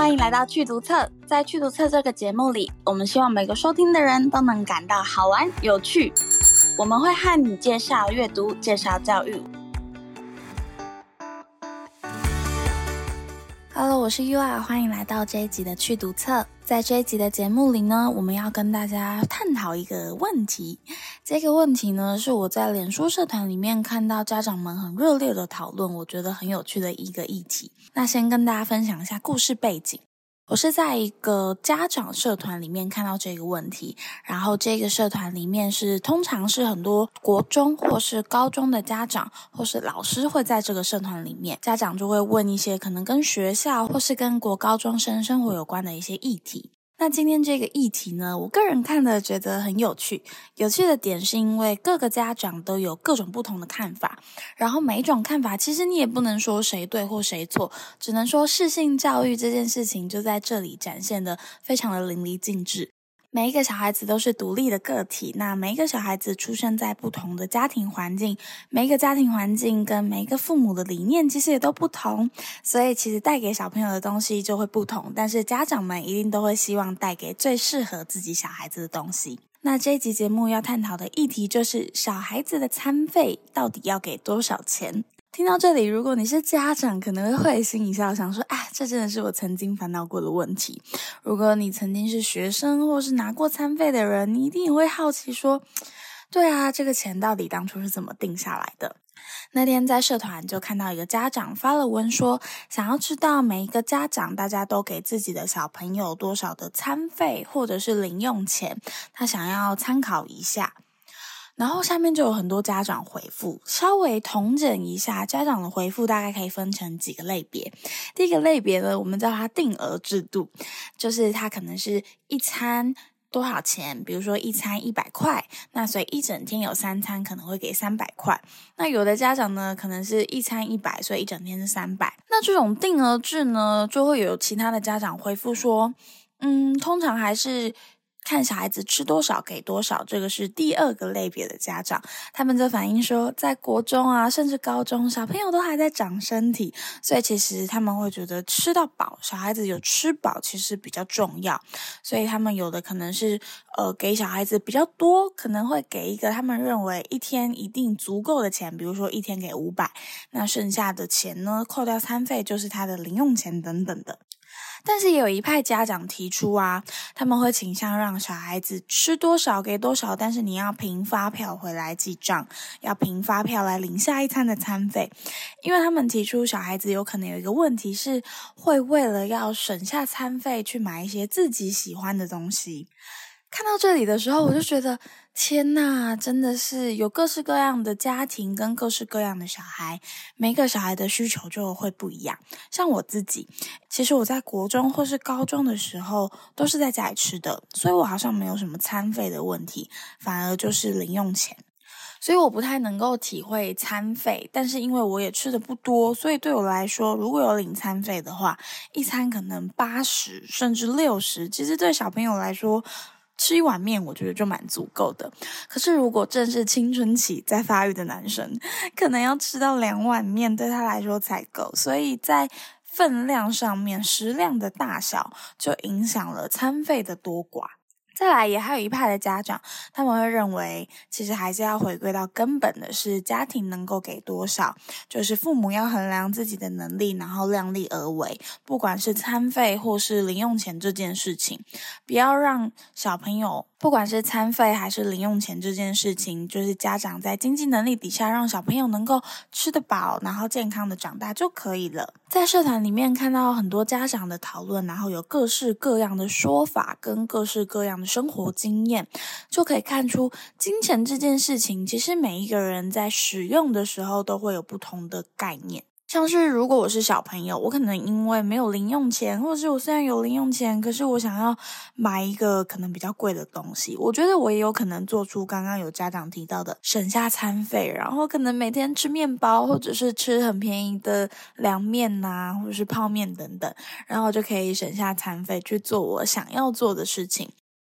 歡迎來到趣讀冊，在趣讀冊這個節目裡，我們希望每個收聽的人都能感到好玩有趣。我們會和你介紹閱讀，介紹教育。Hello，我是 U R，歡迎來到這一集的趣讀冊。在這一集的節目裡呢，我們要跟大家探討一個問題。這個問題呢，是我在臉書社團裡面看到家長們很熱烈的討論，我覺得很有趣的一個議題。那先跟大家分享一下故事背景。我是在一個家長社團裡面看到這個問題，然後這個社團裡面是通常是很多國中或是高中的家長或是老師會在這個社團裡面，家長就會問一些可能跟學校或是跟國高中生生活有關的一些議題。那今天這個議題呢，我個人看了覺得很有趣。有趣的點是因為各個家長都有各種不同的看法，然後每一種看法，其實你也不能說誰對或誰錯，只能說適性教育這件事情就在這裡展現得非常的淋漓盡致。每一個小孩子都是獨立的個體，那每一個小孩子出生在不同的家庭環境，每一個家庭環境跟每一個父母的理念其實也都不同，所以其實帶給小朋友的東西就會不同。但是家長們一定都會希望帶給最適合自己小孩子的東西。那這一集節目要探討的議題就是小孩子的餐費到底要給多少錢？聽到這裡，如果你是家長，可能會會心一笑，想說：“哎、啊，這真的是我曾經煩惱過的問題。”如果你曾經是學生，或是拿過餐費的人，你一定也會好奇說：“對啊，這個錢到底當初是怎麼定下來的？”那天在社團就看到一個家長發了文，說想要知道每一個家長大家都給自己的小朋友多少的餐費或者是零用錢，他想要參考一下。然後下面就有很多家長回覆，稍微統整一下，家長的回覆大概可以分成幾個類別。第一個類別呢，我們叫它定額制度，就是它可能是一餐多少錢，比如說一餐一百塊，那所以一整天有三餐可能會給三百塊。那有的家長呢，可能是一餐一百，所以一整天是三百。那這種定額制呢，就會有其他的家長回覆說，嗯，通常還是。看小孩子吃多少給多少，這個是第二個類別的家長，他們就反映說，在國中啊，甚至高中，小朋友都還在長身體，所以其實他們會覺得吃到飽，小孩子有吃飽其實比較重要，所以他們有的可能是呃給小孩子比較多，可能會給一個他們認為一天一定足夠的錢，比如說一天給五百，那剩下的錢呢，扣掉餐費就是他的零用錢等等的。但是也有一派家長提出啊，他們會傾向讓小孩子吃多少給多少，但是你要憑發票回來記賬，要憑發票來領下一餐的餐費，因為他們提出小孩子有可能有一個問題是會為了要省下餐費去買一些自己喜歡的東西。看到這裡的時候，我就覺得。天吶，真的是有各式各樣的家庭跟各式各樣的小孩，每個小孩的需求就會不一樣。像我自己，其實我在國中或是高中的時候都是在家裡吃的，所以我好像沒有什麼餐費的問題，反而就是零用錢。所以我不太能夠體會餐費，但是因為我也吃的不多，所以對我來說，如果有領餐費的話，一餐可能八十甚至六十，其實對小朋友來說。吃一碗麵，我覺得就蠻足夠的。可是，如果正是青春期在發育的男生，可能要吃到兩碗麵，對他來說才夠。所以在分量上面，食量的大小就影響了餐費的多寡。再來也還有一派的家長，他們會認為，其實還是要回歸到根本的是家庭能夠給多少，就是父母要衡量自己的能力，然後量力而為。不管是餐費或是零用錢這件事情，不要讓小朋友，不管是餐費還是零用錢這件事情，就是家長在經濟能力底下，讓小朋友能夠吃得飽，然後健康的長大就可以了。在社團裡面看到很多家長的討論，然後有各式各樣的說法跟各式各樣的，生活經驗就可以看出，金錢這件事情，其實每一個人在使用的時候都會有不同的概念。像是如果我是小朋友，我可能因為沒有零用錢，或者是我雖然有零用錢，可是我想要買一個可能比較貴的東西，我覺得我也有可能做出剛剛有家長提到的，省下餐費，然後可能每天吃麵包，或者是吃很便宜的涼麵吶、啊，或者是泡麵等等，然後就可以省下餐費去做我想要做的事情。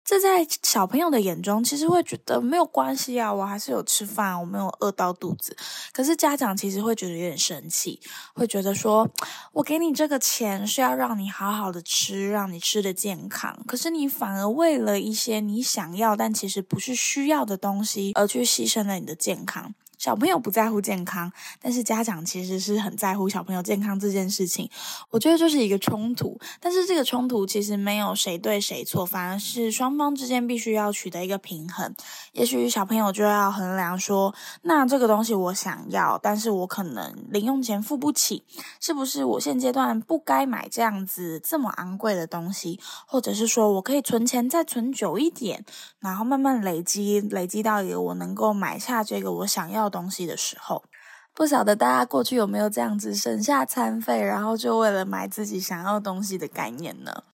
這在小朋友的眼中，其實會覺得沒有關係啊，我還是有吃飯啊，我沒有餓到肚子。可是家長其實會覺得有點生氣，會覺得說，我給你這個錢是要讓你好好的吃，讓你吃的健康，可是你反而為了一些你想要但其實不是需要的東西而去犧牲了你的健康。小朋友不在乎健康，但是家長其實是很在乎小朋友健康這件事情。我覺得就是一個衝突，但是這個衝突其實沒有誰對誰錯，反而是雙方之間必須要取得一個平衡。也許小朋友就要衡量說，那這個東西我想要，但是我可能零用錢付不起，是不是我現階段不該買這樣子這麼昂貴的東西？或者是說我可以存錢再存久一點，然後慢慢累積，累積到一個我能夠買下這個我想要的東西的時候，不曉得大家過去有沒有這樣子省下餐費，然後就為了買自己想要東西的概念呢？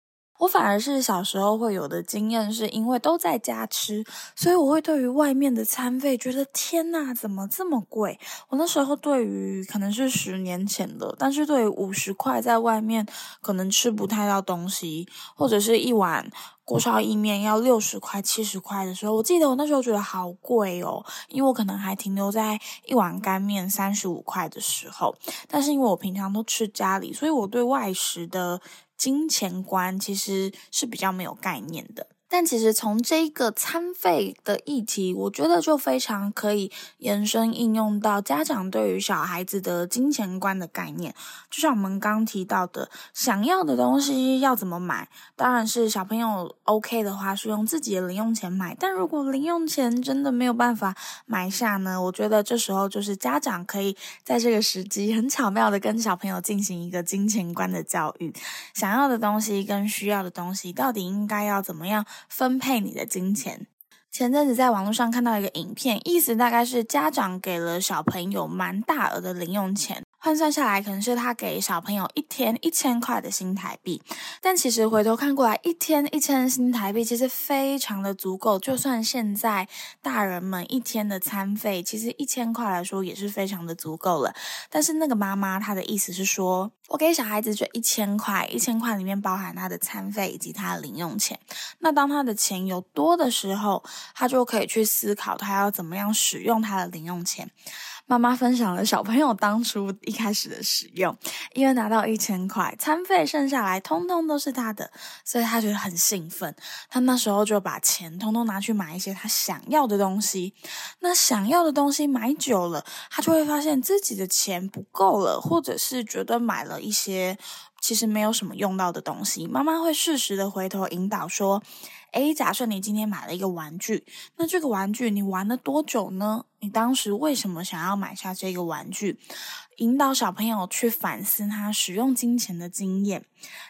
我反而是小時候會有的經驗，是因為都在家吃，所以我會對於外面的餐費覺得天哪，怎麼這麼貴？我那時候對於可能是十年前的，但是對於五十塊在外面可能吃不太到東西，或者是一碗。鍋燒意麵要六十塊、七十塊的時候，我記得我那時候覺得好貴哦，因為我可能還停留在一碗乾麵三十五塊的時候。但是因為我平常都吃家裡，所以我對外食的金錢觀其實是比較沒有概念的。但其實從這一個餐費的議題，我覺得就非常可以延伸應用到家長對於小孩子的金錢觀的概念。就像我們剛提到的，想要的東西要怎麼買？當然是小朋友 OK 的話，是用自己的零用錢買。但如果零用錢真的沒有辦法買下呢？我覺得這時候就是家長可以在這個時機很巧妙地跟小朋友進行一個金錢觀的教育。想要的東西跟需要的東西，到底應該要怎麼樣？分配你的金錢。前陣子在網絡上看到一個影片，意思大概是家長給了小朋友蠻大額的零用錢，換算下來可能是他給小朋友一天一千塊的新台幣。但其實回頭看過來，一天一千新台幣其實非常的足夠，就算現在大人們一天的餐費，其實一千塊來說也是非常的足夠了。但是那個媽媽她的意思是說。我給小孩子就一千塊，一千塊裡面包含他的餐費以及他的零用錢。那當他的錢有多的時候，他就可以去思考他要怎麼樣使用他的零用錢。媽媽分享了小朋友當初一開始的使用，因為拿到一千塊，餐費剩下來通通都是他的，所以他覺得很興奮。他那時候就把錢通通拿去買一些他想要的東西。那想要的東西買久了，他就會發現自己的錢不夠了，或者是覺得買了。一些其實沒有什麼用到的東西，媽媽會適時的回頭引導說：“誒，假設你今天買了一個玩具，那這個玩具你玩了多久呢？你當時為什麼想要買下這個玩具？”引導小朋友去反思他使用金錢的經驗，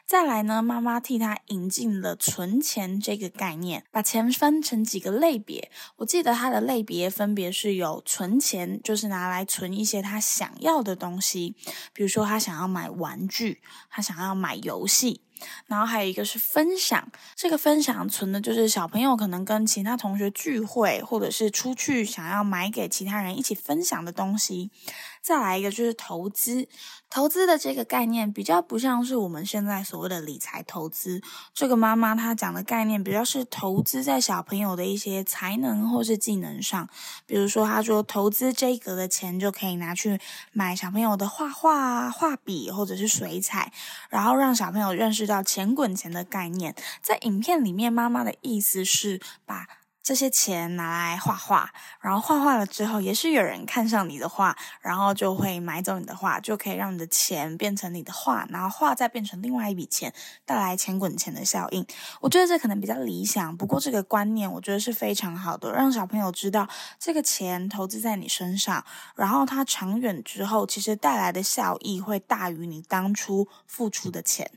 再來呢，媽媽替他引進了存錢這個概念，把錢分成幾個類別。我記得他的類別分別是有存錢，就是拿來存一些他想要的東西，比如說他想要買玩具，他想要買遊戲，然後還有一個是分享。這個分享存的就是小朋友可能跟其他同學聚會，或者是出去想要買給其他人一起分享的東西。再來一個就是投資，投資的這個概念比較不像是我們現在所謂的理財投資。這個媽媽她講的概念比較是投資在小朋友的一些才能或是技能上，比如說她說投資這一格的錢就可以拿去買小朋友的畫畫、畫筆或者是水彩，然後讓小朋友認識到錢滾錢的概念。在影片裡面，媽媽的意思是把這些錢拿來畫畫，然後畫畫了之後，也許有人看上你的畫，然後就會買走你的畫，就可以讓你的錢變成你的畫，然後畫再變成另外一筆錢，帶來錢滾錢的效應。我覺得這可能比較理想，不過這個觀念我覺得是非常好的，讓小朋友知道這個錢投資在你身上，然後它長遠之後，其實帶來的效益會大於你當初付出的錢。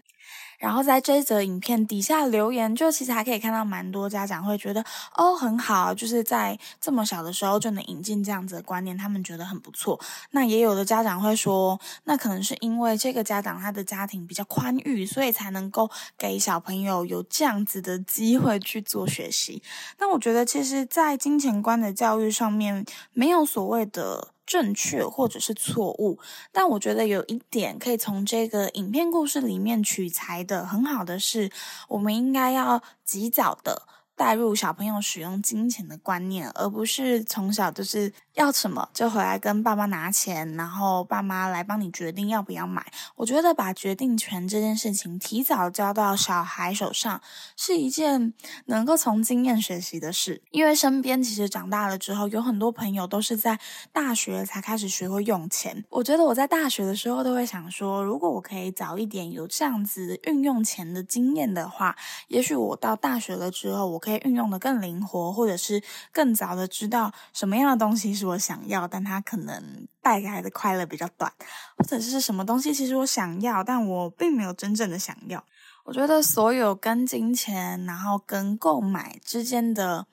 然後在這一則影片底下留言，就其實還可以看到蠻多家長會覺得，哦，很好，就是在這麼小的時候就能引進這樣子的觀念，他們覺得很不錯。那也有的家長會說，那可能是因為這個家長他的家庭比較寬裕，所以才能夠給小朋友有這樣子的機會去做學習。那我覺得，其實，在金錢觀的教育上面，沒有所謂的。正確或者是錯誤，但我覺得有一點可以從這個影片故事裡面取材的很好的是，我們應該要及早的帶入小朋友使用金錢的觀念，而不是從小就是。要什麼就回來跟爸媽拿錢，然後爸媽來幫你決定要不要買。我覺得把決定權這件事情提早交到小孩手上，是一件能夠從經驗學習的事。因為身邊其實長大了之後，有很多朋友都是在大學才開始學會用錢。我覺得我在大學的時候都會想說，如果我可以早一點有這樣子運用錢的經驗的話，也許我到大學了之後，我可以運用的更靈活，或者是更早的知道什麼樣的東西是。我想要，但他可能帶給孩子快樂比較短，或者是什麼東西，其實我想要，但我並沒有真正的想要。我覺得所有跟金錢，然後跟購買之間的。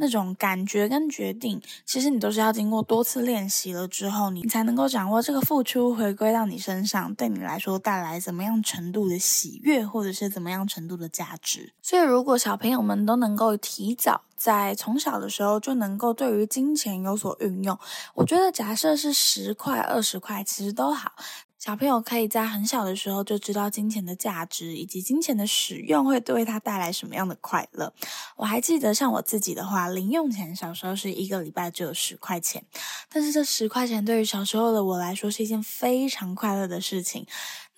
那種感覺跟決定，其實你都是要經過多次練習了之後，你才能夠掌握這個付出回歸到你身上，對你來說帶來怎麼樣程度的喜悅，或者是怎麼樣程度的價值。所以，如果小朋友們都能夠提早在從小的時候就能夠對於金錢有所運用，我覺得假設是十塊、二十塊，其實都好。小朋友可以在很小的時候就知道金錢的價值，以及金錢的使用會對他帶來什麼樣的快樂。我還記得，像我自己的話，零用錢小時候是一個禮拜只有十塊錢，但是這十塊錢對於小時候的我來說是一件非常快樂的事情。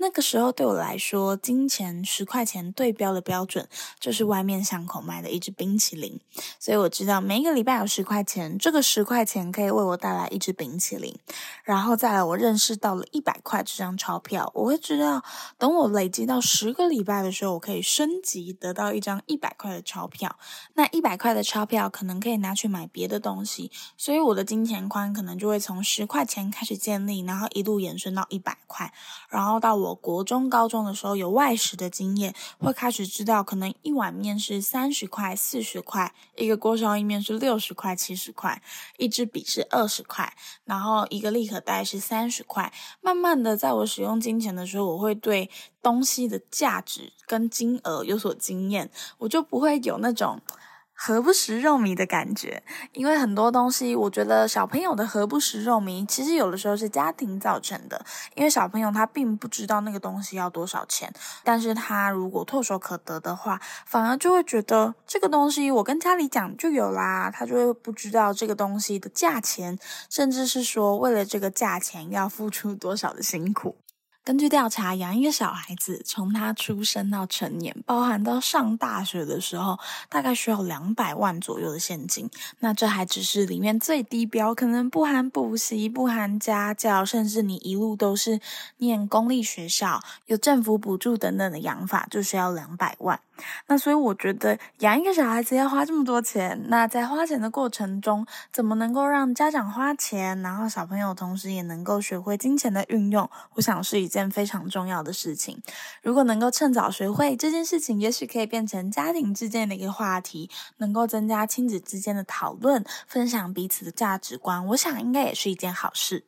那個時候對我來說，金錢十塊錢對標的標準就是外面巷口賣的一支冰淇淋，所以我知道每一個禮拜有十塊錢，這個十塊錢可以為我帶來一支冰淇淋。然後再來，我認識到了一百塊這張鈔票，我會知道，等我累積到十個禮拜的時候，我可以升級得到一張一百塊的鈔票。那一百塊的鈔票可能可以拿去買別的東西，所以我的金錢觀可能就會從十塊錢開始建立，然後一路延伸到一百塊，然後到我。我國中、高中的時候有外食的經驗，會開始知道可能一碗麵是三十塊、四十塊，一個鍋燒意麵是六十塊、七十塊，一支筆是二十塊，然後一個立可帶是三十塊。慢慢的，在我使用金錢的時候，我會對東西的價值跟金額有所經驗，我就不會有那種。何不食肉糜的感覺，因為很多東西，我覺得小朋友的何不食肉糜，其實有的時候是家庭造成的。因為小朋友他並不知道那個東西要多少錢，但是他如果唾手可得的話，反而就會覺得這個東西我跟家裡講就有啦，他就會不知道這個東西的價錢，甚至是說為了這個價錢要付出多少的辛苦。根據調查，養一個小孩子，從他出生到成年，包含到上大學的時候，大概需要兩百萬左右的現金。那這還只是裡面最低標，可能不含補習、不含家教，甚至你一路都是念公立學校、有政府補助等等的養法，就需要兩百萬。那所以我覺得養一個小孩子要花這麼多錢，那在花錢的過程中，怎麼能夠讓家長花錢，然後小朋友同時也能夠學會金錢的運用，我想是一件非常重要的事情。如果能夠趁早學會這件事情，也許可以變成家庭之間的一個話題，能夠增加親子之間的討論，分享彼此的價值觀，我想應該也是一件好事。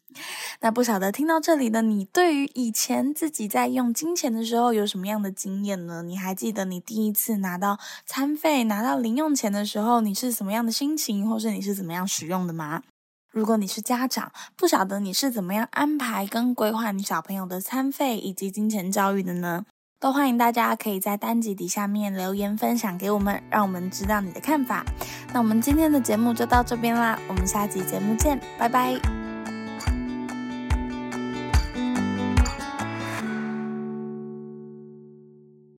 那不曉得聽到這裡的你，對於以前自己在用金錢的時候有什麼樣的經驗呢？你還記得你第一。第一次拿到餐費、拿到零用錢的時候，你是什麼樣的心情，或是你是怎麼樣使用的嗎？如果你是家長，不曉得你是怎麼樣安排跟規劃你小朋友的餐費以及金錢教育的呢？都歡迎大家可以在單集底下面留言分享給我們，讓我們知道你的看法。那我們今天的節目就到這邊啦，我們下集節目見，拜拜。